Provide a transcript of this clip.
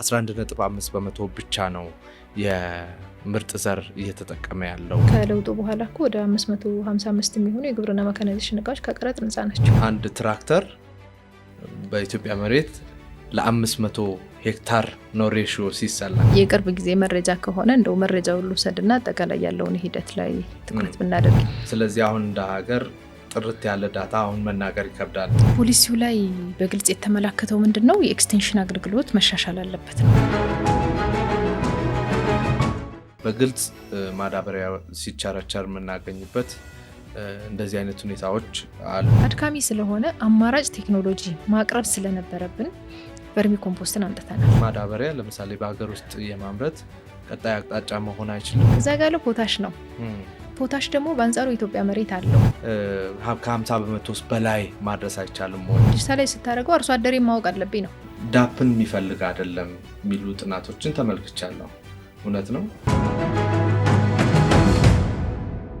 11.5 በመቶ ብቻ ነው የምርጥ ዘር እየተጠቀመ ያለው። ከለውጡ በኋላ እኮ ወደ 555 የሚሆኑ የግብርና መካናይዜሽን እቃዎች ከቀረጥ ነፃ ናቸው። አንድ ትራክተር በኢትዮጵያ መሬት ለ500 ሄክታር ነው ሬሽዮ ሲሰላ። የቅርብ ጊዜ መረጃ ከሆነ እንደው መረጃውን ልውሰድና አጠቃላይ ያለውን ሂደት ላይ ትኩረት ብናደርግ። ስለዚህ አሁን እንደ ሀገር ጥርት ያለ ዳታ አሁን መናገር ይከብዳል። ፖሊሲው ላይ በግልጽ የተመላከተው ምንድን ነው? የኤክስቴንሽን አገልግሎት መሻሻል አለበት ነው። በግልጽ ማዳበሪያ ሲቸረቸር የምናገኝበት እንደዚህ አይነት ሁኔታዎች አሉ። አድካሚ ስለሆነ አማራጭ ቴክኖሎጂ ማቅረብ ስለነበረብን በርሚ ኮምፖስትን አምጥተናል። ማዳበሪያ ለምሳሌ በሀገር ውስጥ የማምረት ቀጣይ አቅጣጫ መሆን አይችልም። እዛ ጋለ ፖታሽ ነው ፖታሽ ደግሞ በአንጻሩ ኢትዮጵያ መሬት አለው ከ50 በመቶ ውስጥ በላይ ማድረስ አይቻልም። ዲጂታ ላይ ስታደርገው አርሶ አደሬ ማወቅ አለብኝ ነው ዳፕን የሚፈልግ አይደለም የሚሉ ጥናቶችን ተመልክቻለሁ። እውነት ነው።